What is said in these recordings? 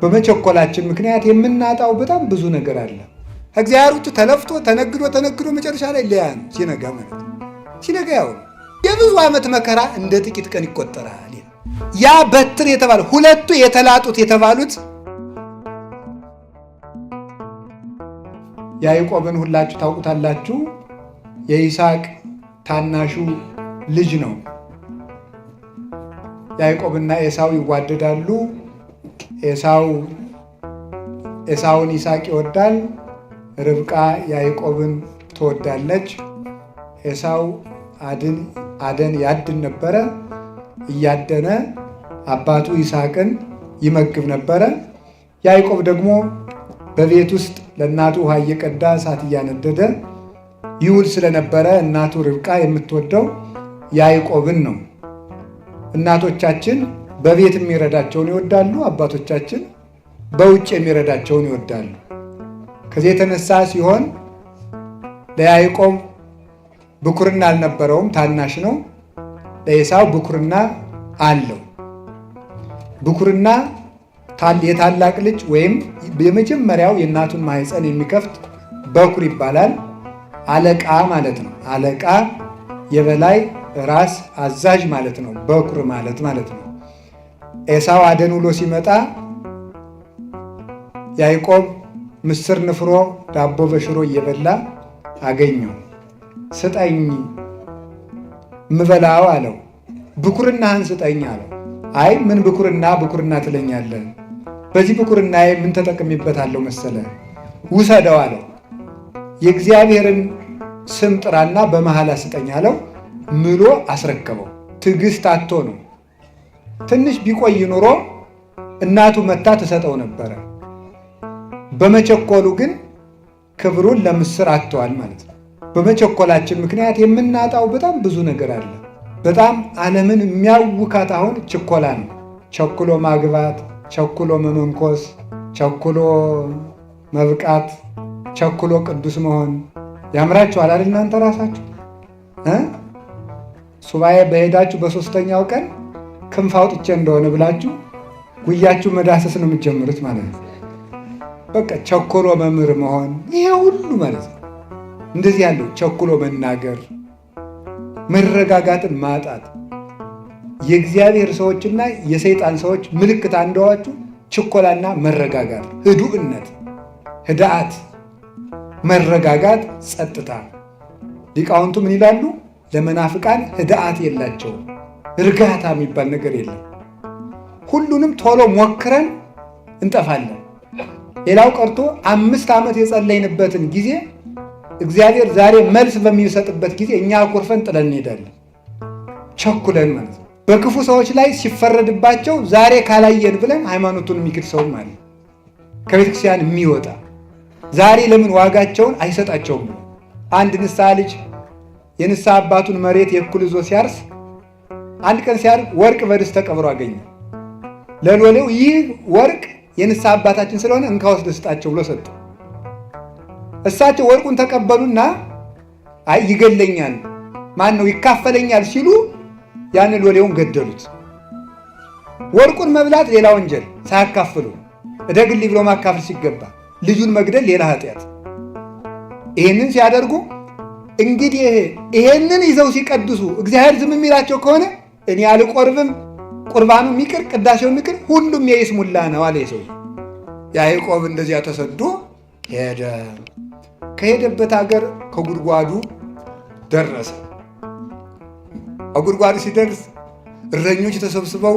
በመቸኮላችን ምክንያት የምናጣው በጣም ብዙ ነገር አለ። እግዚአብሔር ተለፍቶ ተነግዶ ተነግዶ መጨረሻ ላይ ለያ ሲነጋ ማለት ሲነጋ ያው የብዙ ዓመት መከራ እንደ ጥቂት ቀን ይቆጠራል። ያ በትር የተባለ ሁለቱ የተላጡት የተባሉት ያዕቆብን ሁላችሁ ታውቁታላችሁ። የይስሐቅ ታናሹ ልጅ ነው። ያዕቆብና ኤሳው ይዋደዳሉ። ኤሳውን ይስሐቅ ይወዳል፣ ርብቃ ያዕቆብን ትወዳለች። ኤሳው አድን አደን ያድን ነበረ። እያደነ አባቱ ይስሐቅን ይመግብ ነበረ። ያዕቆብ ደግሞ በቤት ውስጥ ለእናቱ ውሃ እየቀዳ እሳት እያነደደ ይውል ስለነበረ እናቱ ርብቃ የምትወደው ያዕቆብን ነው። እናቶቻችን በቤት የሚረዳቸውን ይወዳሉ። አባቶቻችን በውጭ የሚረዳቸውን ይወዳሉ። ከዚህ የተነሳ ሲሆን ለያዕቆብ ብኩርና አልነበረውም፣ ታናሽ ነው። ለኤሳው ብኩርና አለው። ብኩርና የታላቅ ልጅ ወይም የመጀመሪያው የእናቱን ማህፀን የሚከፍት በኩር ይባላል። አለቃ ማለት ነው። አለቃ፣ የበላይ ራስ፣ አዛዥ ማለት ነው። በኩር ማለት ማለት ነው። ኤሳው አደን ውሎ ሲመጣ ያዕቆብ ምስር ንፍሮ ዳቦ በሽሮ እየበላ አገኘው። ስጠኝ ምበላው አለው። ብኩርናህን ስጠኝ አለው። አይ ምን ብኩርና ብኩርና ትለኛለህ? በዚህ ብኩርና ምን ተጠቅሚበታለሁ መሰለ? ውሰደው አለው። የእግዚአብሔርን ስም ጥራና በመሐላ ስጠኝ አለው። ምሎ አስረከበው። ትዕግስት አቶ ነው ትንሽ ቢቆይ ኑሮ እናቱ መታ ትሰጠው ነበረ። በመቸኮሉ ግን ክብሩን ለምስር አጥተዋል ማለት ነው። በመቸኮላችን ምክንያት የምናጣው በጣም ብዙ ነገር አለ። በጣም ዓለምን የሚያውካት አሁን ችኮላ ነው። ቸኩሎ ማግባት፣ ቸኩሎ መመንኮስ፣ ቸኩሎ መብቃት፣ ቸኩሎ ቅዱስ መሆን ያምራችኋል አይደል? እናንተ ራሳችሁ ሱባኤ በሄዳችሁ በሶስተኛው ቀን ክንፍ አውጥቼ እንደሆነ ብላችሁ ጉያችሁ መዳሰስ ነው የምትጀምሩት ማለት ነው። በቃ ቸኩሎ መምህር መሆን ይሄ ሁሉ ማለት ነው። እንደዚህ ያለው ቸኩሎ መናገር፣ መረጋጋትን ማጣት የእግዚአብሔር ሰዎችና የሰይጣን ሰዎች ምልክት አንደዋችሁ ችኮላና መረጋጋት፣ ህዱእነት፣ ህድአት፣ መረጋጋት፣ ጸጥታ። ሊቃውንቱ ምን ይላሉ? ለመናፍቃን ህድአት የላቸውም። እርጋታ የሚባል ነገር የለም። ሁሉንም ቶሎ ሞክረን እንጠፋለን። ሌላው ቀርቶ አምስት ዓመት የጸለይንበትን ጊዜ እግዚአብሔር ዛሬ መልስ በሚሰጥበት ጊዜ እኛ አኩርፈን ጥለን እንሄዳለን። ቸኩለን ማለት ነው። በክፉ ሰዎች ላይ ሲፈረድባቸው ዛሬ ካላየን ብለን ሃይማኖቱን የሚክድ ሰውም አለ። ከቤተክርስቲያን የሚወጣ ዛሬ ለምን ዋጋቸውን አይሰጣቸውም? አንድ ንስሐ ልጅ የንስሐ አባቱን መሬት የእኩል ይዞ ሲያርስ አንድ ቀን ሲያርግ ወርቅ በድስት ተቀብሮ አገኘ። ለሎሌው ይህ ወርቅ የንስሐ አባታችን ስለሆነ እንካውስ ደስጣቸው ብሎ ሰጡ። እሳቸው ወርቁን ተቀበሉና አይ ይገለኛል፣ ማን ነው ይካፈለኛል ሲሉ ያን ሎሌውን ገደሉት። ወርቁን መብላት ሌላ ወንጀል፣ ሳያካፍሉ እደግልኝ ብሎ ማካፈል ሲገባ ልጁን መግደል ሌላ ኃጢአት። ይህንን ሲያደርጉ እንግዲህ ይሄንን ይዘው ሲቀድሱ እግዚአብሔር ዝም የሚላቸው ከሆነ እኔ አልቆርብም፣ ቁርባኑ ይቅር ቅዳሴው ይቅር ሁሉም የይስሙላ ነው አለ ሰው። ያዕቆብ እንደዚያ ተሰዶ ሄደ። ከሄደበት ሀገር ከጉድጓዱ ደረሰ። ከጉድጓዱ ሲደርስ እረኞች ተሰብስበው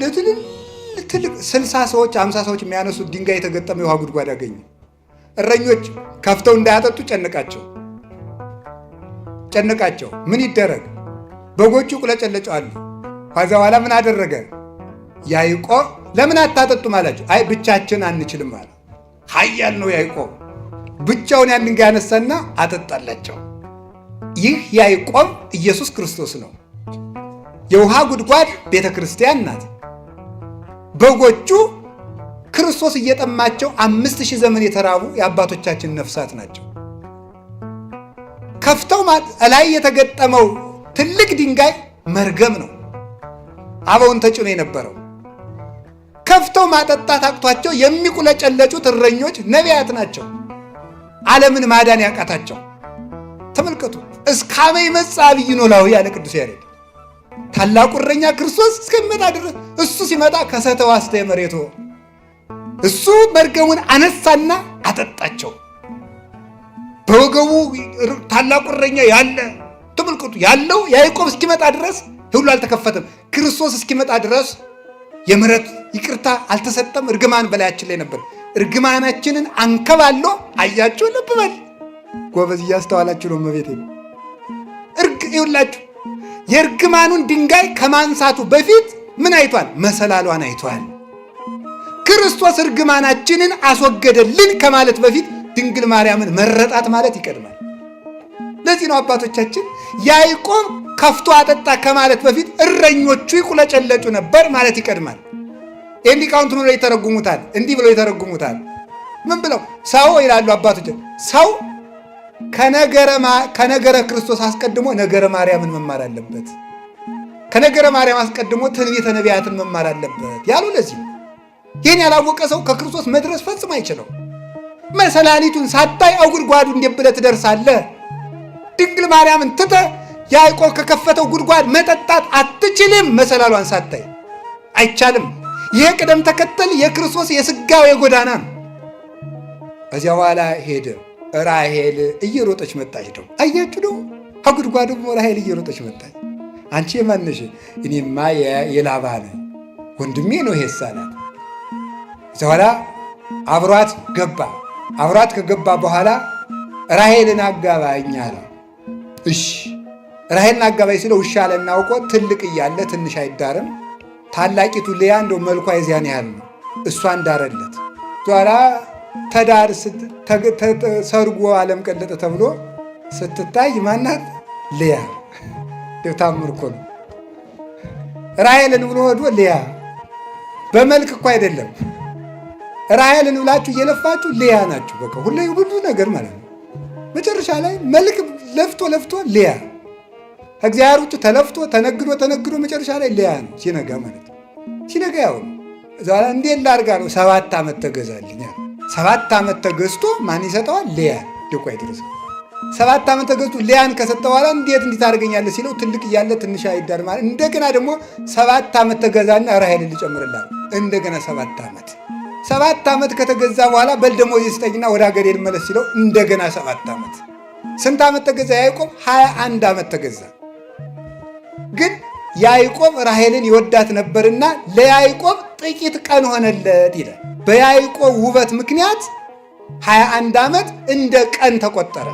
ለትልቅ ስልሳ ሰዎች አምሳ ሰዎች የሚያነሱት ድንጋይ የተገጠመ የውሃ ጉድጓድ አገኘ። እረኞች ከፍተው እንዳያጠጡ ጨነቃቸው ጨነቃቸው ምን ይደረግ በጎቹ ቁለጨለጫሉ። ከዛ በኋላ ምን አደረገ? ያዕቆብ ለምን አታጠጡም አላቸው። አይ ብቻችን አንችልም አለ። ኃያል ነው ያዕቆብ። ብቻውን ያን ድንጋይ ያነሳና አጠጣላቸው። ይህ ያዕቆብ ኢየሱስ ክርስቶስ ነው። የውሃ ጉድጓድ ቤተ ክርስቲያን ናት። በጎቹ ክርስቶስ እየጠማቸው አምስት ሺህ ዘመን የተራቡ የአባቶቻችን ነፍሳት ናቸው። ከፍተው ላይ የተገጠመው ትልቅ ድንጋይ መርገም ነው አበውን ተጭኖ የነበረው። ከፍተው ማጠጣት አቅቷቸው የሚቁለጨለጩት እረኞች ነቢያት ናቸው፣ ዓለምን ማዳን ያቃታቸው። ተመልከቱ። እስካመ አበ ይመጽእ ዐቢይ ኖላዊ ያለ ቅዱስ ያሬድ ታላቁ እረኛ ክርስቶስ እስከሚመጣ ድረስ እሱ ሲመጣ ከሰተ ዋስተ መሬቶ እሱ መርገሙን አነሳና አጠጣቸው። በወገቡ ታላቁ እረኛ ያለ ተመልከቱ ያለው ያዕቆብ እስኪመጣ ድረስ ሁሉ አልተከፈተም። ክርስቶስ እስኪመጣ ድረስ የምሕረት ይቅርታ አልተሰጠም። እርግማን በላያችን ላይ ነበር። እርግማናችንን አንከባሎ አያችሁ። ልብ በል ጎበዝ፣ እያስተዋላችሁ ነው። መቤት እርግ ይውላችሁ የእርግማኑን ድንጋይ ከማንሳቱ በፊት ምን አይቷል? መሰላሏን አይቷል። ክርስቶስ እርግማናችንን አስወገደልን ከማለት በፊት ድንግል ማርያምን መረጣት ማለት ይቀድማል። ለዚህ ነው አባቶቻችን ያዕቆብ ከፍቶ አጠጣ ከማለት በፊት እረኞቹ ይቁለጨለጩ ነበር ማለት ይቀድማል። ይህን ሊቃውንት ብለው ይተረጉሙታል፣ እንዲህ ብለው ይተረጉሙታል። ምን ብለው ሰው ይላሉ አባቶች። ሰው ከነገረ ክርስቶስ አስቀድሞ ነገረ ማርያምን መማር አለበት፣ ከነገረ ማርያም አስቀድሞ ትንቢተ ነቢያትን መማር አለበት ያሉ ለዚህ ይህን ያላወቀ ሰው ከክርስቶስ መድረስ ፈጽሞ አይችለው። መሰላሊቱን ሳታይ አጉድጓዱ እንዴት ብለህ ትደርሳለህ? ድንግል ማርያምን ትተ ያዕቆብ ከከፈተው ጉድጓድ መጠጣት አትችልም። መሰላሏን ሳታይ አይቻልም። ይሄ ቅደም ተከተል የክርስቶስ የስጋው የጎዳና ነው። ከዚያ በኋላ ሄደ። ራሄል እየሮጠች መጣች። ደው አያችሁ፣ ደው ከጉድጓዱ ራሄል እየሮጠች መጣች። አንቺ የማነሽ? እኔማ የላባነ ወንድሜ ነው ይሄስ አላት። ከዚያ በኋላ አብሯት ገባ። አብሯት ከገባ በኋላ ራሄልን አጋባኝ አለው። እሺ ራሔልን አጋባይ ስለ ውሻ አለና አውቆ ትልቅ እያለ ትንሽ አይዳርም ታላቂቱ ልያ እንደው መልኳ የዚያን ያህል ነው። እሷን ዳረለት። ኋላ ተዳር ሰርጎ ዓለም ቀለጠ ተብሎ ስትታይ ማናት ልያ ታምር ነው። ብሎ ወዶ ልያ በመልክ እኮ አይደለም። ራሄልን ብላችሁ እየለፋችሁ ልያ ናችሁ። በቃ ሁሉ ነገር ማለት ነው። መጨረሻ ላይ መልክ ለፍቶ ለፍቶ ሊያ እግዚአብሔር ውጭ ተለፍቶ ተነግዶ ተነግዶ መጨረሻ ላይ ሊያ ነው ሲነጋ ማለት ሲነጋ ያው ዛላ እዛ ላይ እንዴት ላድርጋ ነው ሰባት ዓመት ተገዛልኛ። ሰባት ዓመት ተገዝቶ ማን ይሰጠዋል? ሊያ ልቆ አይደረስ ሰባት ዓመት ተገዝቶ ሊያን ከሰጠ በኋላ እንዴት እንዲህ ታደርገኛለህ ሲለው ትልቅ እያለ ትንሽ አይዳር ማለት እንደገና ደግሞ ሰባት ዓመት ተገዛና ራሔል ልጨምርላል እንደገና ሰባት ዓመት ሰባት ዓመት ከተገዛ በኋላ በል ደሞዝ ስጠኝና ወደ ሀገር ልመለስ ሲለው እንደገና ሰባት ዓመት ስንት ዓመት ተገዛ ያዕቆብ? 21 ዓመት ተገዛ። ግን ያዕቆብ ራሄልን ይወዳት ነበርና ለያዕቆብ ጥቂት ቀን ሆነለት ይላል። በያዕቆብ ውበት ምክንያት 21 ዓመት እንደ ቀን ተቆጠረ።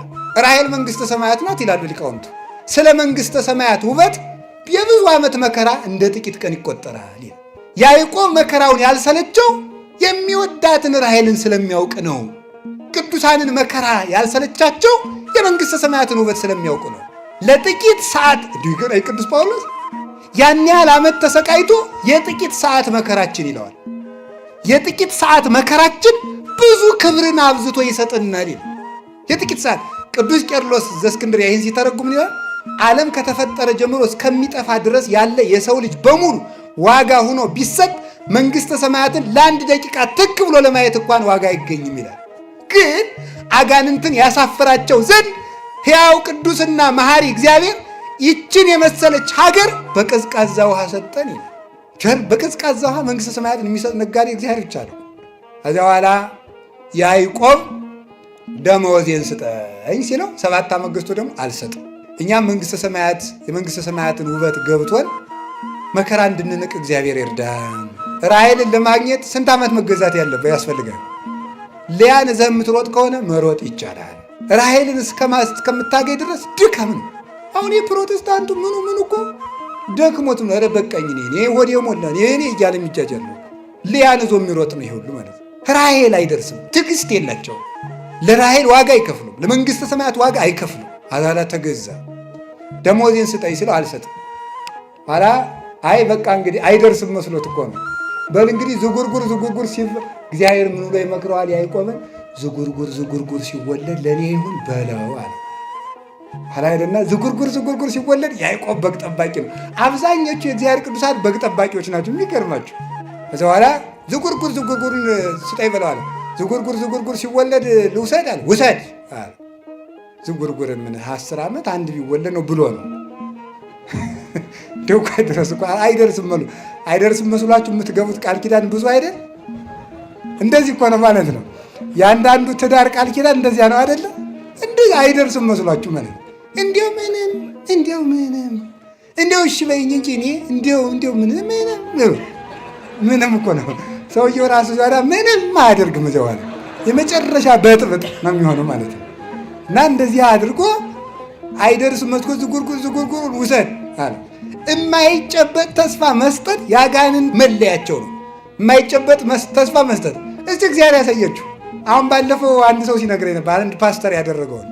ራሄል መንግሥተ ሰማያት ናት ይላሉ ሊቃውንቱ። ስለ መንግሥተ ሰማያት ውበት የብዙ ዓመት መከራ እንደ ጥቂት ቀን ይቆጠራል ይላል። ያዕቆብ መከራውን ያልሰለቸው የሚወዳትን ራሄልን ስለሚያውቅ ነው። ቅዱሳንን መከራ ያልሰለቻቸው የመንግሥተ ሰማያትን ውበት ስለሚያውቁ ነው። ለጥቂት ሰዓት ቅዱስ ጳውሎስ ያን ያህል ዓመት ተሰቃይቶ የጥቂት ሰዓት መከራችን ይለዋል። የጥቂት ሰዓት መከራችን ብዙ ክብርን አብዝቶ ይሰጥናል ይል የጥቂት ሰዓት ቅዱስ ቄርሎስ ዘእስክንድርያ ይህን ሲተረጉም ይሆን ዓለም ከተፈጠረ ጀምሮ እስከሚጠፋ ድረስ ያለ የሰው ልጅ በሙሉ ዋጋ ሆኖ ቢሰጥ መንግሥተ ሰማያትን ለአንድ ደቂቃ ትክ ብሎ ለማየት እንኳን ዋጋ አይገኝም ይላል ግን አጋንንትን ያሳፍራቸው ዘንድ ሕያው ቅዱስና መሐሪ እግዚአብሔር ይችን የመሰለች ሀገር በቀዝቃዛ ውሃ ሰጠን ይላል። በቀዝቃዛ ውሃ መንግሥተ ሰማያትን የሚሰጥ ነጋዴ እግዚአብሔር ብቻ ነው። ከዚያ በኋላ ያዕቆብ ደመወዜን ስጠኝ ሲለው ሰባት ዓመት ገዝቶ ደግሞ አልሰጥም። እኛም መንግሥተ ሰማያት የመንግሥተ ሰማያትን ውበት ገብቶን መከራ እንድንንቅ እግዚአብሔር ይርዳን። ራሔልን ለማግኘት ስንት ዓመት መገዛት ያለበት ያስፈልጋል። ሊያን ዘምትሮጥ ከሆነ መሮጥ ይቻላል። ራሄልን እስከምታገኝ ድረስ ድከም ነው። አሁን የፕሮቴስታንቱ ምኑ ምኑ እኮ ደክሞት ነው። ኧረ በቃኝ እኔ ወደ ሞላ እኔ እያለ የሚጃጃል ነው። ሊያን ዞ የሚሮጥ ነው ይሁሉ ማለት ነው። ራሄል አይደርስም። ትዕግስት የላቸው። ለራሄል ዋጋ አይከፍሉም። ለመንግሥተ ሰማያት ዋጋ አይከፍሉም። አዛላ ተገዛ ደሞዜን ስጠኝ ስለው አልሰጥም። ኋላ አይ በቃ እንግዲህ አይደርስም መስሎት እኮ ነው በል እንግዲህ ዝጉርጉር ዝጉርጉር ሲል እግዚአብሔር ምን ብሎ ይመክረዋል? ያዕቆብን ዝጉርጉር ዝጉርጉር ሲወለድ ለእኔ ይሁን በለው አለ። አላይደና ዝጉርጉር ዝጉርጉር ሲወለድ ያዕቆብ በግ ጠባቂ ነው። አብዛኞቹ የእግዚአብሔር ቅዱሳት በግ ጠባቂዎች ናቸው። የሚገርማቸው ከዚ በኋላ ዝጉርጉር ዝጉርጉር ስጠኝ ብለዋል። ዝጉርጉር ዝጉርጉር ሲወለድ ልውሰድ አለ። ውሰድ ዝጉርጉር ምን አስር ዓመት አንድ ቢወለድ ነው ብሎ ነው ደውኳ ድረስ እኮ አይደርስም መሉ አይደርስም መስሏችሁ የምትገቡት ቃል ኪዳን ብዙ አይደል? እንደዚህ እኮ ነው ማለት ነው። የአንዳንዱ ትዳር ቃል ኪዳን እንደዚያ ነው አይደለ? እንደ አይደርስም መስሏችሁ ማለት እንዲው ምንም እንዲው ምንም እንዲው እሺ በይኝ እንጂ እኔ እንዲው እንዲው ምንም ምንም ምንም እኮ ነው። ሰውየው ራሱ ዛዳ ምንም አያደርግም። እዚያው የመጨረሻ በጥብጥ ነው የሚሆነው ማለት ነው። እና እንደዚህ አድርጎ አይደርስም መስኮት ዝጉርጉር ዝጉርጉር ውሰድ አለ የማይጨበጥ ተስፋ መስጠት ያጋንን መለያቸው ነው። የማይጨበጥ ተስፋ መስጠት እስቲ እግዚአብሔር ያሳየችው። አሁን ባለፈው አንድ ሰው ሲነግር ነበር፣ አንድ ፓስተር ያደረገውን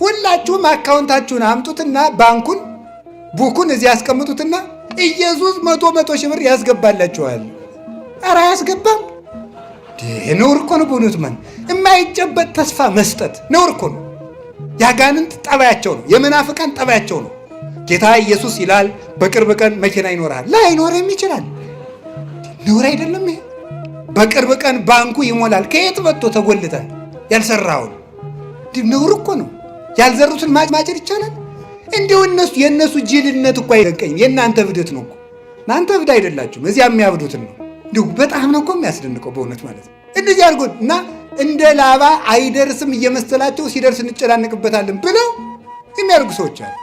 ሁላችሁም አካውንታችሁን አምጡትና ባንኩን ቡኩን እዚህ ያስቀምጡትና ኢየሱስ መቶ መቶ ሺህ ብር ያስገባላችኋል። ኧረ አያስገባም። ነውር እኮ ነው። በእውነቱ የማይጨበጥ ተስፋ መስጠት ነውር እኮ ነው። ያጋንንት ጠባያቸው ነው። የመናፍቃን ጠባያቸው ነው። ጌታ ኢየሱስ ይላል በቅርብ ቀን መኪና ይኖራል። ላይኖርም ይችላል። ኖር አይደለም ይሄ። በቅርብ ቀን ባንኩ ይሞላል። ከየት መጥቶ ተጎልተ ያልሰራውን ነውር እኮ ነው። ያልዘሩትን ማጭድ ይቻላል። እንዲሁ እነሱ የእነሱ ጅልነት እኮ አይደንቀኝም። የእናንተ ብደት ነው እኮ። እናንተ እብድ አይደላችሁም። እዚያ የሚያብዱትን ነው። እንዲሁ በጣም ነው እኮ የሚያስደንቀው በእውነት ማለት ነው። እንደዚህ አድርጎ እና እንደ ላባ አይደርስም እየመሰላቸው ሲደርስ እንጨናነቅበታለን ብለው የሚያደርጉ ሰዎች አሉ።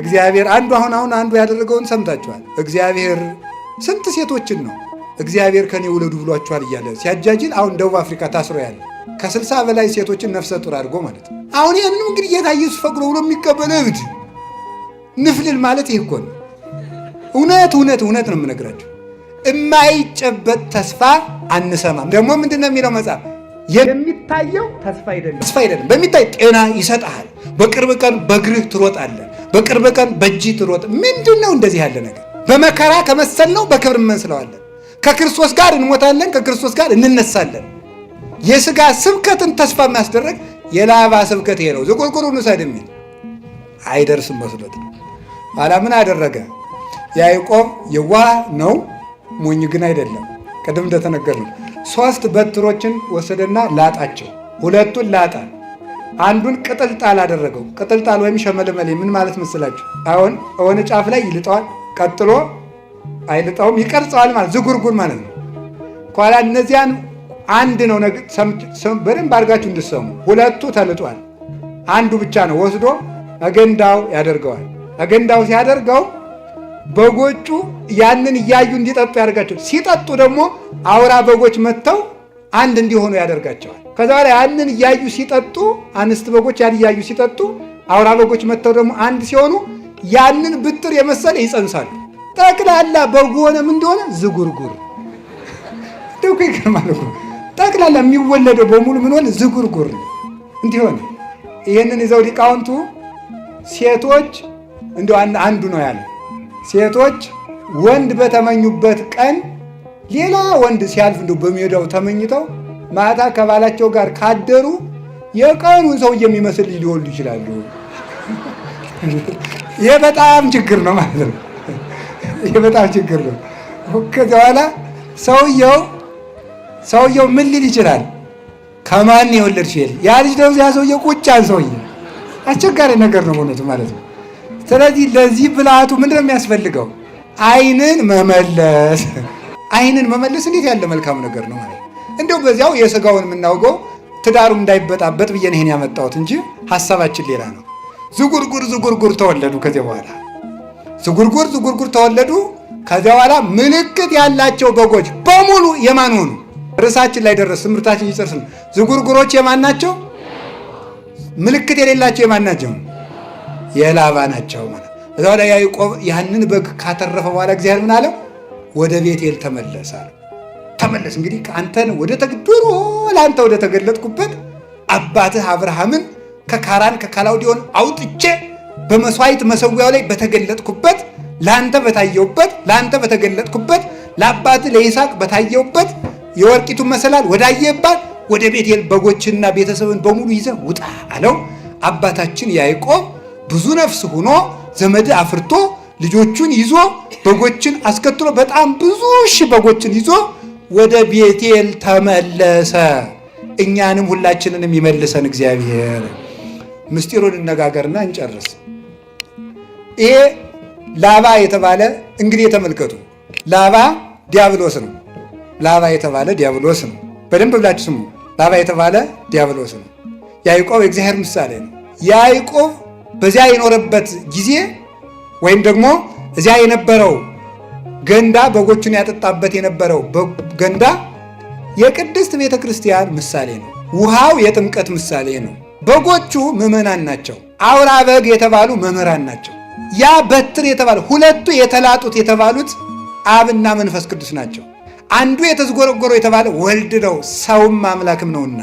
እግዚአብሔር አንዱ አሁን አሁን አንዱ ያደረገውን ሰምታችኋል። እግዚአብሔር ስንት ሴቶችን ነው እግዚአብሔር ከኔ ውለዱ ብሏችኋል እያለ ሲያጃጅል አሁን ደቡብ አፍሪካ ታስሮ ያለ ከስልሳ በላይ ሴቶችን ነፍሰ ጡር አድርጎ ማለት ነው። አሁን ይህንም እንግዲህ ጌታ ኢየሱስ ፈቅዶ ብሎ የሚቀበለ እብድ ንፍልል ማለት ይህ እኮ ነው። እውነት እውነት እውነት ነው የምነግራቸው። የማይጨበጥ ተስፋ አንሰማም። ደግሞ ምንድን ነው የሚለው መጽሐፍ? የሚታየው ተስፋ አይደለም፣ ተስፋ አይደለም በሚታይ ጤና ይሰጠሃል፣ በቅርብ ቀን በእግርህ ትሮጣለ። በቅርብ ቀን በእጅ ትሮጥ። ምንድን ነው እንደዚህ ያለ ነገር? በመከራ ከመሰል ነው በክብር እንመስለዋለን። ከክርስቶስ ጋር እንሞታለን፣ ከክርስቶስ ጋር እንነሳለን። የስጋ ስብከትን ተስፋ የሚያስደረግ የላባ ስብከት ይሄ ነው። ዝቁርቁሩን ውሰድ የሚል አይደርስም መስሎት ኋላ ምን አደረገ? ያዕቆብ የዋህ ነው፣ ሞኝ ግን አይደለም። ቅድም እንደተነገር ነው ሶስት በትሮችን ወሰደና ላጣቸው። ሁለቱን ላጣ አንዱን ቅጥልጣል አደረገው። ቅጥልጣል ወይም ሸመልመሌ ምን ማለት መስላችሁ? አሁን የሆነ ጫፍ ላይ ይልጠዋል፣ ቀጥሎ አይልጠውም፣ ይቀርጸዋል ማለት ዝጉርጉር ማለት ነው። ኋላ እነዚያን አንድ ነው። በደንብ አድርጋችሁ እንድሰሙ። ሁለቱ ተልጧል፣ አንዱ ብቻ ነው ወስዶ አገንዳው ያደርገዋል። አገንዳው ሲያደርገው በጎቹ ያንን እያዩ እንዲጠጡ ያደርጋቸዋል። ሲጠጡ ደግሞ አውራ በጎች መጥተው አንድ እንዲሆኑ ያደርጋቸዋል። ከዛ ላይ ያንን እያዩ ሲጠጡ አንስት በጎች ያን እያዩ ሲጠጡ አውራ በጎች መጥተው ደግሞ አንድ ሲሆኑ ያንን ብጥር የመሰለ ይጸንሳሉ። ጠቅላላ በጉ ሆነ ምን እንደሆነ ዝጉርጉር ደኩ ይገርማል። ጠቅላላ የሚወለደው በሙሉ ምን ሆነ ዝጉርጉር እንዲሆነ ይህንን ይዘው ሊቃውንቱ ሴቶች እንዲ አንዱ ነው ያለ ሴቶች ወንድ በተመኙበት ቀን ሌላ ወንድ ሲያልፍ እንደ በሜዳው ተመኝተው ማታ ከባላቸው ጋር ካደሩ የቀኑን ሰው የሚመስል ልጅ ሊወልዱ ይችላሉ። ይሄ በጣም ችግር ነው ማለት ነው። ይሄ በጣም ችግር ነው። ከዚያ በኋላ ሰውየው ሰውየው ምን ሊል ይችላል? ከማን የወለድ ይል ያ ልጅ ደግሞ ያ ሰውየው ቁጫን ሰውየ አስቸጋሪ ነገር ነው እውነቱ ማለት ነው። ስለዚህ ለዚህ ብልሃቱ ምንድነው የሚያስፈልገው? አይንን መመለስ አይንን መመለስ እንዴት ያለ መልካም ነገር ነው ማለት ነው። እንደው በዚያው የስጋውን የምናውቀው ትዳሩም እንዳይበጣበጥ ብዬ ይሄን ያመጣሁት እንጂ ሀሳባችን ሌላ ነው። ዝጉርጉር ዝጉርጉር ተወለዱ። ከዚያ በኋላ ዝጉርጉር ዝጉርጉር ተወለዱ። ከዚያ በኋላ ምልክት ያላቸው በጎች በሙሉ የማን ሆኑ? ርዕሳችን ላይ ደረስ። ትምህርታችን ይጨርስ ዝጉርጉሮች የማን ናቸው? ምልክት የሌላቸው የማን ናቸው? የላባ ናቸው ማለት እዛ ላይ ያዕቆብ ያንን በግ ካተረፈ በኋላ እግዚአብሔር ምን አለው? ወደ ቤቴል ተመለሳል። ተመለስ። እንግዲህ ከአንተን ወደ ተግዶሮ ለአንተ ወደ ተገለጥኩበት አባትህ አብርሃምን ከካራን ከካላውዲዮን አውጥቼ በመስዋዕት መሰዊያው ላይ በተገለጥኩበት ለአንተ በታየውበት ለአንተ በተገለጥኩበት ለአባትህ ለይስሐቅ በታየውበት የወርቂቱን መሰላል ወዳየባት ወደ ቤቴል በጎችና ቤተሰብን በሙሉ ይዘ ውጣ አለው። አባታችን ያዕቆብ ብዙ ነፍስ ሆኖ ዘመድ አፍርቶ ልጆቹን ይዞ በጎችን አስከትሎ በጣም ብዙ ሺህ በጎችን ይዞ ወደ ቤቴል ተመለሰ። እኛንም ሁላችንንም ይመልሰን እግዚአብሔር። ምስጢሩን እነጋገርና እንጨርስ። ይሄ ላባ የተባለ እንግዲህ የተመልከቱ ላባ ዲያብሎስ ነው። ላባ የተባለ ዲያብሎስ ነው። በደንብ ብላችሁ ስሙ። ላባ የተባለ ዲያብሎስ ነው። ያዕቆብ የእግዚአብሔር ምሳሌ ነው። ያዕቆብ በዚያ የኖረበት ጊዜ ወይም ደግሞ እዚያ የነበረው ገንዳ በጎቹን ያጠጣበት የነበረው ገንዳ የቅድስት ቤተ ክርስቲያን ምሳሌ ነው። ውሃው የጥምቀት ምሳሌ ነው። በጎቹ ምዕመናን ናቸው። አውራ በግ የተባሉ መምህራን ናቸው። ያ በትር የተባሉ ሁለቱ የተላጡት የተባሉት አብና መንፈስ ቅዱስ ናቸው። አንዱ የተዝጎረጎረው የተባለ ወልድ ነው፣ ሰውም አምላክም ነውና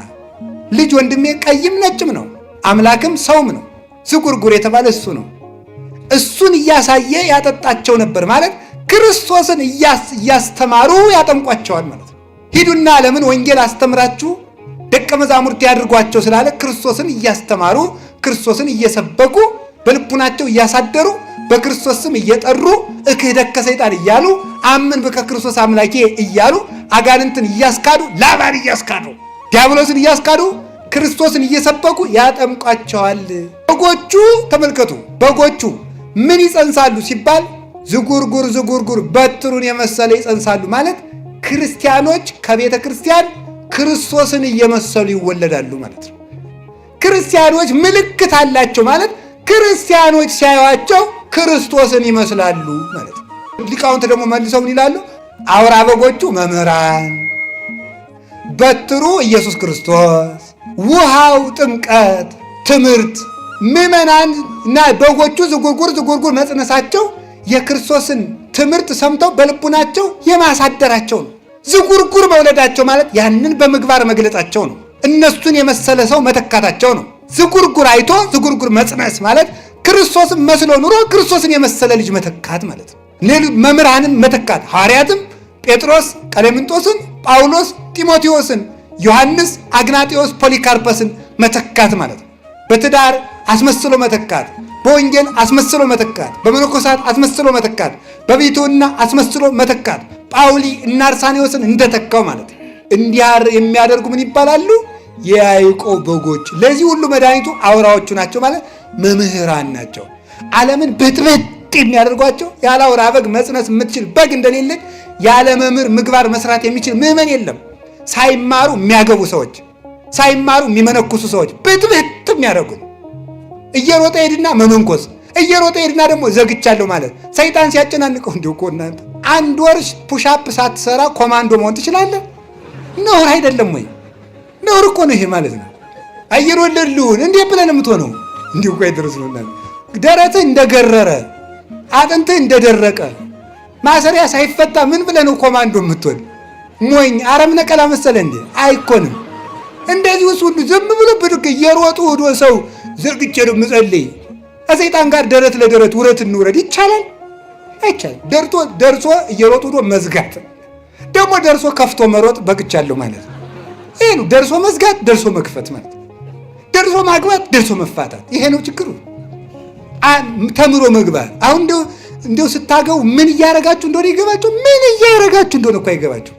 ልጅ ወንድሜ ቀይም ነጭም ነው፣ አምላክም ሰውም ነው። ዝጉርጉር የተባለ እሱ ነው። እሱን እያሳየ ያጠጣቸው ነበር ማለት ክርስቶስን እያስተማሩ ያጠምቋቸዋል ማለት ነው። ሂዱና ለምን ወንጌል አስተምራችሁ ደቀ መዛሙርት ያድርጓቸው ስላለ ክርስቶስን እያስተማሩ ክርስቶስን እየሰበኩ በልቡናቸው እያሳደሩ በክርስቶስ ስም እየጠሩ ደከ ሰይጣን እያሉ አምን በከክርስቶስ አምላኬ እያሉ አጋንንትን እያስካዱ ላባን እያስካዱ ዲያብሎስን እያስካዱ ክርስቶስን እየሰበኩ ያጠምቋቸዋል። በጎቹ ተመልከቱ፣ በጎቹ ምን ይጸንሳሉ ሲባል ዝጉርጉር ዝጉርጉር በትሩን የመሰለ ይጸንሳሉ ማለት ክርስቲያኖች ከቤተ ክርስቲያን ክርስቶስን እየመሰሉ ይወለዳሉ ማለት ነው። ክርስቲያኖች ምልክት አላቸው ማለት ክርስቲያኖች ሲያዩቸው ክርስቶስን ይመስላሉ ማለት ነው። ሊቃውንት ደግሞ መልሰው ምን ይላሉ? አውራ በጎቹ መምህራን፣ በትሩ ኢየሱስ ክርስቶስ፣ ውሃው ጥምቀት፣ ትምህርት ምዕመናን እና በጎቹ ዝጉርጉር ዝጉርጉር መጽነሳቸው የክርስቶስን ትምህርት ሰምተው በልቡናቸው የማሳደራቸው ነው። ዝጉርጉር መውለዳቸው ማለት ያንን በምግባር መግለጻቸው ነው። እነሱን የመሰለ ሰው መተካታቸው ነው። ዝጉርጉር አይቶ ዝጉርጉር መጽነስ ማለት ክርስቶስን መስሎ ኑሮ ክርስቶስን የመሰለ ልጅ መተካት ማለት ነው። መምራንን መተካት ሐዋርያትም ጴጥሮስ ቀሌምንጦስን፣ ጳውሎስ ጢሞቴዎስን፣ ዮሐንስ አግናጢዎስ ፖሊካርፐስን መተካት ማለት ነው። በትዳር አስመስሎ መተካት በወንጌል አስመስሎ መተካት፣ በመነኮሳት አስመስሎ መተካት፣ በቤቶና አስመስሎ መተካት ጳውሊ እና አርሳኔዎስን እንደተካው ማለት እንዲያር የሚያደርጉ ምን ይባላሉ? የያዕቆብ በጎች። ለዚህ ሁሉ መድኃኒቱ አውራዎቹ ናቸው ማለት መምህራን ናቸው። ዓለምን ብጥብጥ የሚያደርጓቸው ያለ አውራ በግ መጽነስ የምትችል በግ እንደሌለ ያለ መምህር ምግባር መስራት የሚችል ምዕመን የለም። ሳይማሩ የሚያገቡ ሰዎች፣ ሳይማሩ የሚመነኩሱ ሰዎች ብጥብጥ የሚያደርጉት እየሮጠ ሄድና መመንኮስ እየሮጠ ሄድና ደግሞ ዘግቻለሁ ማለት ሰይጣን ሲያጨናንቀው እንዲሁ እኮ እናንተ አንድ ወር ፑሻፕ ሳትሰራ ኮማንዶ መሆን ትችላለህ? ነውር አይደለም ወይ? ነውር እኮ ነው ይሄ ማለት ነው። አየር ወለድ ልሁን እንዴት ነው የምትሆነው እንዲሁ እኮ አይደረስ ነው። ደረትህ እንደገረረ አጥንትህ እንደደረቀ ማሰሪያ ሳይፈታ ምን ብለህ ነው ኮማንዶ የምትሆን? ሞኝ አረም ነቀላ መሰለ እንዴ? አይኮንም። እንደዚህ ውስጥ ሁሉ ዝም ብሎ ብድግ እየሮጡ ሂዶ ሰው ዘርግቼ ነው ምጸልይ። ከሰይጣን ጋር ደረት ለደረት ውረት እንውረድ ይቻላል? አይቻልም። ደርቶ ደርሶ እየሮጡ ዶ መዝጋት ደግሞ ደርሶ ከፍቶ መሮጥ በግቻለሁ ማለት ነው። ይሄ ነው ደርሶ መዝጋት፣ ደርሶ መክፈት ማለት ደርሶ ማግባት፣ ደርሶ መፋታት። ይሄ ነው ችግሩ። ተምሮ መግባት አሁን እንደው እንደው ስታገቡ ምን እያረጋችሁ እንደሆነ ይገባችሁ? ምን እያረጋችሁ እንደሆነ እኮ አይገባችሁ።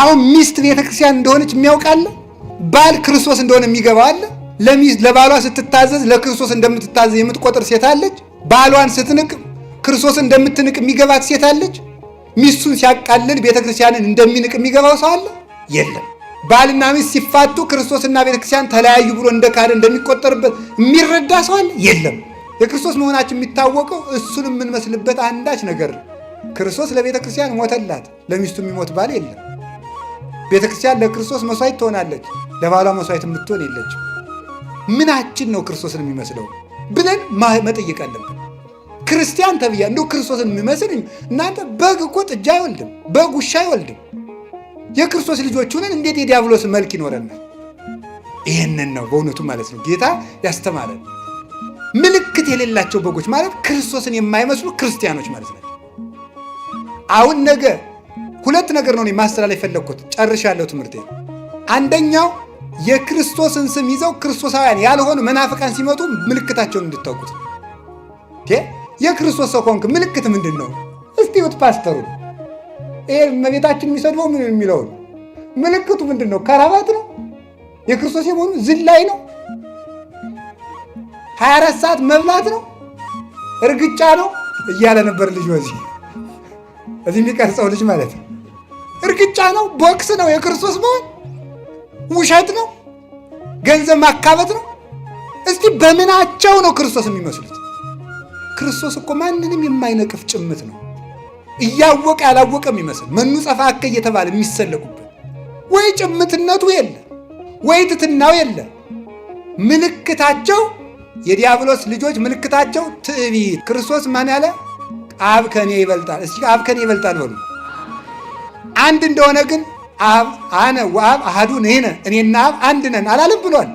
አሁን ሚስት ቤተክርስቲያን እንደሆነች የሚያውቃለ ባል ክርስቶስ እንደሆነ የሚገባው አለ ለባሏ ስትታዘዝ ለክርስቶስ እንደምትታዘዝ የምትቆጥር ሴት አለች? ባሏን ስትንቅ ክርስቶስ እንደምትንቅ የሚገባት ሴት አለች? ሚስቱን ሲያቃልል ቤተክርስቲያንን እንደሚንቅ የሚገባው ሰው አለ? የለም። ባልና ሚስት ሲፋቱ ክርስቶስና ቤተክርስቲያን ተለያዩ ብሎ እንደ ካደ እንደሚቆጠርበት የሚረዳ ሰው አለ? የለም። የክርስቶስ መሆናችን የሚታወቀው እሱን የምንመስልበት አንዳች ነገር ነው። ክርስቶስ ለቤተክርስቲያን ሞተላት፣ ለሚስቱ የሚሞት ባል የለም። ቤተክርስቲያን ለክርስቶስ መስዋዕት ትሆናለች፣ ለባሏ መስዋዕት የምትሆን የለችም። ምናችን ነው ክርስቶስን የሚመስለው ብለን መጠየቅ አለብን። ክርስቲያን ተብያ እንደው ክርስቶስን የሚመስል እናንተ በግ እኮ ጥጃ አይወልድም፣ በግ ውሻ አይወልድም። የክርስቶስ ልጆች ሆነን እንዴት የዲያብሎስ መልክ ይኖረናል? ይህንን ነው በእውነቱ ማለት ነው ጌታ ያስተማረን። ምልክት የሌላቸው በጎች ማለት ክርስቶስን የማይመስሉ ክርስቲያኖች ማለት ነው። አሁን ነገ ሁለት ነገር ነው ማስተላለፍ የፈለግኩት፣ ጨርሻለሁ ትምህርቴ። አንደኛው የክርስቶስን ስም ይዘው ክርስቶሳውያን ያልሆኑ መናፍቃን ሲመጡ ምልክታቸውን እንድታውቁት። የክርስቶስ ሰው ከሆንክ ምልክት ምንድን ነው? ውት ፓስተሩ ይሄ እመቤታችን የሚሰድበው ምን የሚለውን ምልክቱ ምንድን ነው? ከራባት ነው? የክርስቶስ የመሆኑ ዝላይ ነው? 24 ሰዓት መብላት ነው? እርግጫ ነው እያለ ነበር ልጅ በዚህ እዚህ የሚቀርጸው ልጅ ማለት ነው። እርግጫ ነው፣ ቦክስ ነው የክርስቶስ መሆን ውሸት ነው፣ ገንዘብ ማካበት ነው። እስቲ በምናቸው ነው ክርስቶስ የሚመስሉት? ክርስቶስ እኮ ማንንም የማይነቅፍ ጭምት ነው። እያወቀ ያላወቀ የሚመስል መኑ ጸፋከ እየተባለ የሚሰለቁበት ወይ ጭምትነቱ የለ ወይ ትትናው የለ። ምልክታቸው የዲያብሎስ ልጆች ምልክታቸው ትዕቢት። ክርስቶስ ማን ያለ አብ ከኔ ይበልጣል። እስኪ አብ ከኔ ይበልጣል በሉ አንድ እንደሆነ ግን አብ አነ ወአብ አሐዱ ንሕነ እኔና አብ አንድ ነን አላለም ብሏል።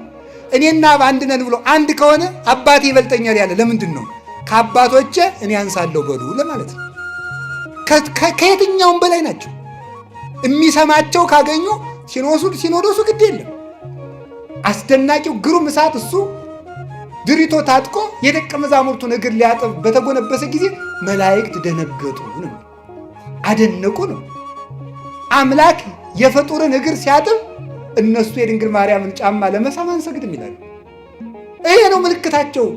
እኔና አብ አንድ ነን ብሎ አንድ ከሆነ አባቴ ይበልጠኛል ያለ ለምንድን ነው? ከአባቶቼ እኔ አንሳለሁ በሉ ለማለት ነው። ከየትኛውም በላይ ናቸው። የሚሰማቸው ካገኙ ሲኖሱ ሲኖዶሱ ግድ የለም። አስደናቂው ግሩም እሳት እሱ ድሪቶ ታጥቆ የደቀ መዛሙርቱን እግር ሊያጥብ በተጎነበሰ ጊዜ መላእክት ደነገጡ ነው፣ አደነቁ ነው አምላክ የፍጡርን እግር ሲያጥብ እነሱ የድንግል ማርያምን ጫማ ለመሳም አንሰግድም ይላሉ። ይሄ ነው ምልክታቸው።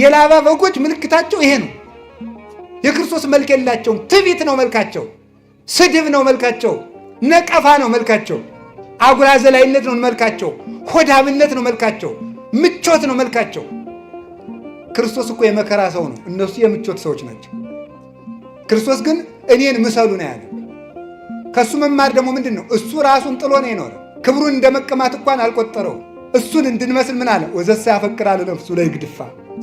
የላባ በጎች ምልክታቸው ይሄ ነው። የክርስቶስ መልክ የላቸውም። ትቢት ነው መልካቸው፣ ስድብ ነው መልካቸው፣ ነቀፋ ነው መልካቸው፣ አጉላ ዘላይነት ነው መልካቸው፣ ሆዳምነት ነው መልካቸው፣ ምቾት ነው መልካቸው። ክርስቶስ እኮ የመከራ ሰው ነው፣ እነሱ የምቾት ሰዎች ናቸው። ክርስቶስ ግን እኔን ምሰሉ ነው ያለ ከእሱ መማር ደግሞ ምንድን ነው? እሱ ራሱን ጥሎ ነው የኖረ። ክብሩን እንደ መቀማት እንኳን አልቆጠረው። እሱን እንድንመስል ምን አለ? ወዘሳ ያፈቅራል ነፍሱ ላይ ግድፋ።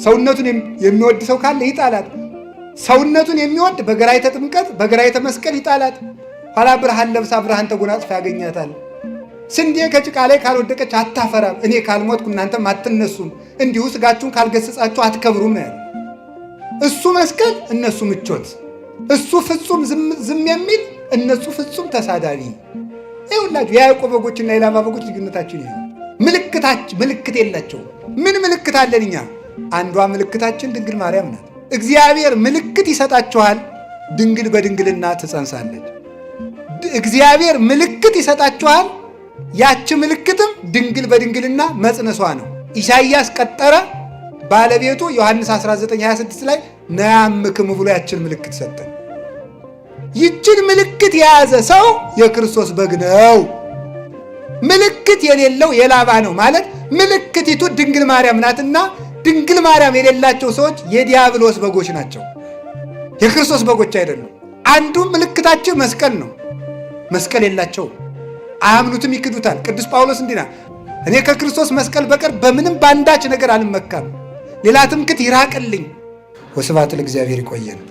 ሰውነቱን የሚወድ ሰው ካለ ይጣላት። ሰውነቱን የሚወድ በግራይተ ጥምቀት በገራይተ መስቀል ይጣላት። ኋላ ብርሃን ለብሳ ብርሃን ተጎናጽፋ ያገኛታል። ስንዴ ከጭቃ ላይ ካልወደቀች አታፈራም። እኔ ካልሞትኩ እናንተም አትነሱም፣ እንዲሁ ስጋችሁን ካልገሰጻችሁ አትከብሩም ነው ያለ። እሱ መስቀል፣ እነሱ ምቾት። እሱ ፍጹም ዝም የሚል እነሱ ፍጹም ተሳዳቢ ይሁላችሁ። የያዕቆብ በጎችና የላባ በጎች ልዩነታችን ይሄ ምልክታች ምልክት የላቸው። ምን ምልክት አለን እኛ? አንዷ ምልክታችን ድንግል ማርያም ናት። እግዚአብሔር ምልክት ይሰጣችኋል፣ ድንግል በድንግልና ትጸንሳለች። እግዚአብሔር ምልክት ይሰጣችኋል፣ ያች ምልክትም ድንግል በድንግልና መጽነሷ ነው። ኢሳይያስ ቀጠረ ባለቤቱ ዮሐንስ 1926 ላይ ነያምክም ብሎ ያችን ምልክት ሰጠን። ይችን ምልክት የያዘ ሰው የክርስቶስ በግ ነው። ምልክት የሌለው የላባ ነው ማለት ምልክቲቱ ድንግል ማርያም ናትና ድንግል ማርያም የሌላቸው ሰዎች የዲያብሎስ በጎች ናቸው፣ የክርስቶስ በጎች አይደሉም። አንዱ ምልክታቸው መስቀል ነው። መስቀል የላቸውም፣ አያምኑትም፣ ይክዱታል። ቅዱስ ጳውሎስ እንዲና እኔ ከክርስቶስ መስቀል በቀር በምንም በአንዳች ነገር አልመካም፣ ሌላ ትምክት ይራቅልኝ። ወስብሐት ለእግዚአብሔር። ይቆየን።